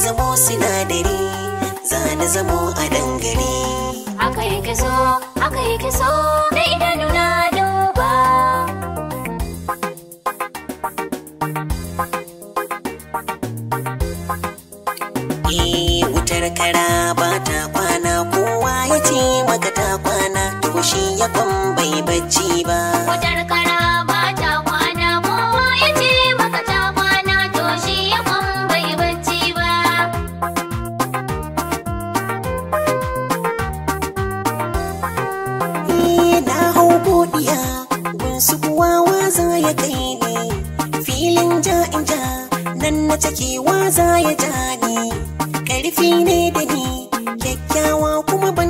zamo sinadari zane zamo a dangare haka yake so haka yake so da idanu na duba Eh wutar kara ba ta kwana kowa ya ce maka ta kwana to shi ya kwan bai bacci ba wutar kara jahilin ja nan na cikewa za ya ja ni ƙarfi ne da ni kyakkyawa kuma ban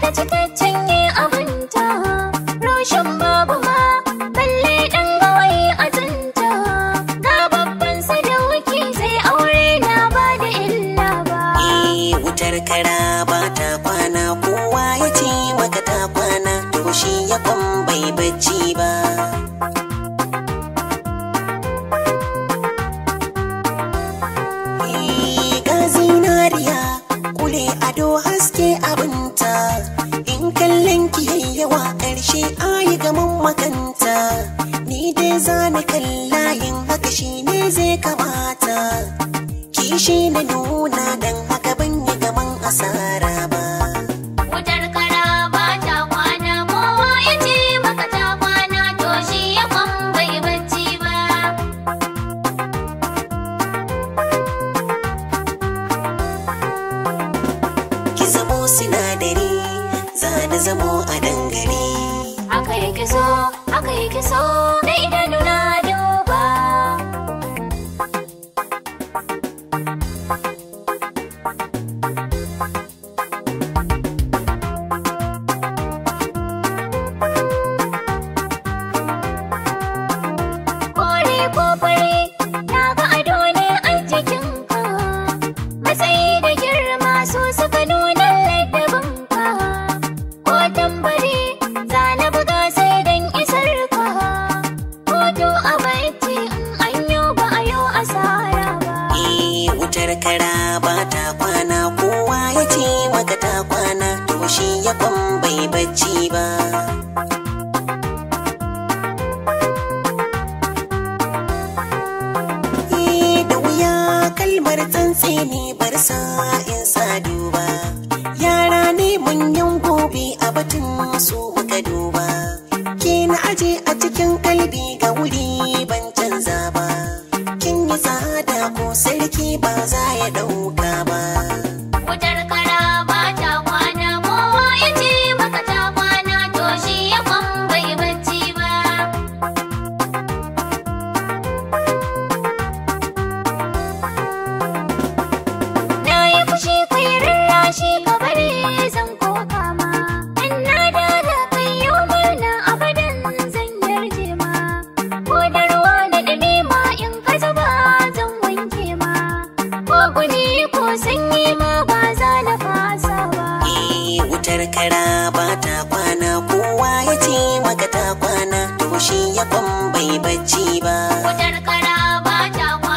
ta ci ta cinye abinta roshin babu ma ɗan dan gawai a tunta ga babban sadauki zai aure na ba da illa ba eh wutar kara ba ta kwana kowa ya ce maka ta kwana to shi ya kwan bai bacci ba kanta ni dai zani kallayin haka shi ne zai kamata kishi na nuna dan haka ban yi gaban asara ba sinadari zamo a dangare. Haka yake so aka yi kiso da idanu na duba Kore ko fari na ga ado ne a jikinka matsayi da mahara ba ta kwana kowa ya ce maka ta kwana to shi ya kwan bai bacci ba eh, da wuya kalmar tsantsi ne bar sa in sa duba yara ne mun yan gobe a batun su sarki ba za ya ɗauka ba. Wutar kara ba ta kwana ko ya ce maka ta kwana to shi ya kwan bai bacci ba. Na yi fushi kai rarrashi shi ya kwan bai bacci ba. Kudar kara ba ta